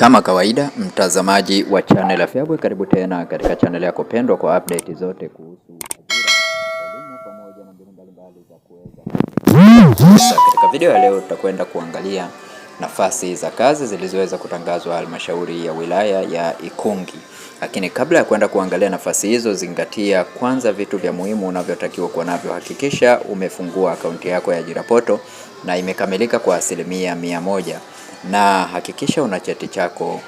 Kama kawaida, mtazamaji wa channel Feaboy, karibu tena katika channel yako pendwa kwa update zote kuhusu ajira, elimu pamoja na mbinu mbalimbali za kuweza. Katika video ya leo tutakwenda kuangalia nafasi za kazi zilizoweza kutangazwa halmashauri ya wilaya ya Ikungi. Lakini kabla ya kwenda kuangalia nafasi hizo, zingatia kwanza vitu vya muhimu unavyotakiwa kuwa navyo. Hakikisha umefungua akaunti yako ya ajira poto na imekamilika kwa asilimia mia moja na hakikisha una cheti chako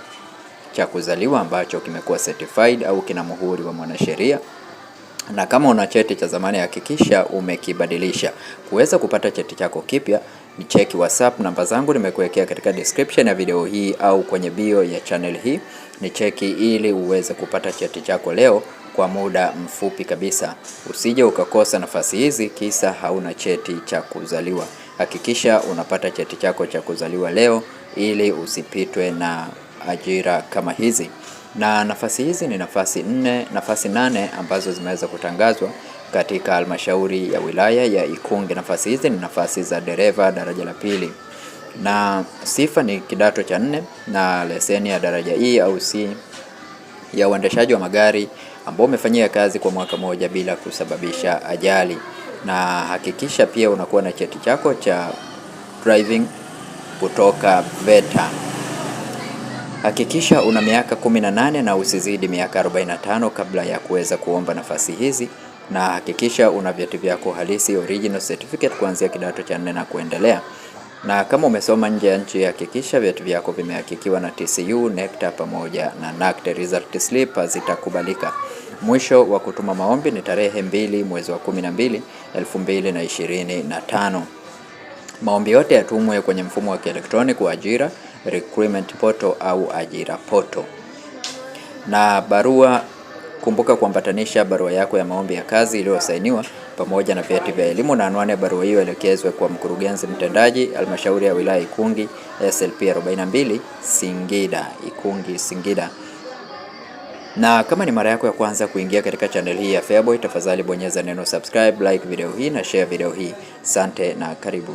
cha kuzaliwa ambacho kimekuwa certified au kina muhuri wa mwanasheria na kama una cheti cha zamani hakikisha umekibadilisha. Kuweza kupata cheti chako kipya ni cheki WhatsApp, namba zangu nimekuwekea katika description ya video hii au kwenye bio ya channel hii. Ni cheki ili uweze kupata cheti chako leo kwa muda mfupi kabisa. Usije ukakosa nafasi hizi kisa hauna cheti cha kuzaliwa. Hakikisha unapata cheti chako cha kuzaliwa leo ili usipitwe na ajira kama hizi. Na nafasi hizi ni nafasi nne, nafasi nane ambazo zimeweza kutangazwa katika halmashauri ya wilaya ya Ikungi. Nafasi hizi ni nafasi za dereva daraja la pili, na sifa ni kidato cha nne na leseni ya daraja E au C ya uendeshaji wa magari ambao umefanyia kazi kwa mwaka mmoja bila kusababisha ajali na hakikisha pia unakuwa na cheti chako cha driving kutoka VETA. Hakikisha una miaka 18 na usizidi miaka 45 kabla ya kuweza kuomba nafasi hizi, na hakikisha una vyeti vyako halisi original certificate kuanzia kidato cha nne na kuendelea. Na kama umesoma nje ya nchi, hakikisha vyeti vyako vimehakikiwa na TCU, NECTA pamoja na NACTE. Result slip zitakubalika. Mwisho wa kutuma maombi ni tarehe mbili mwezi wa 12 2025. Maombi yote yatumwe kwenye mfumo wa kielektroniki wa ajira recruitment portal au ajira portal na barua Kumbuka kuambatanisha barua yako ya maombi ya kazi iliyosainiwa pamoja na vyeti vya elimu na anwani ya barua hiyo elekezwe kwa Mkurugenzi Mtendaji, Halmashauri ya Wilaya Ikungi, SLP 42 Singida, Ikungi, Singida. Na kama ni mara yako ya kwanza kuingia katika channel hii ya Feaboy, tafadhali bonyeza neno subscribe, like video hii na share video hii. Sante na karibu.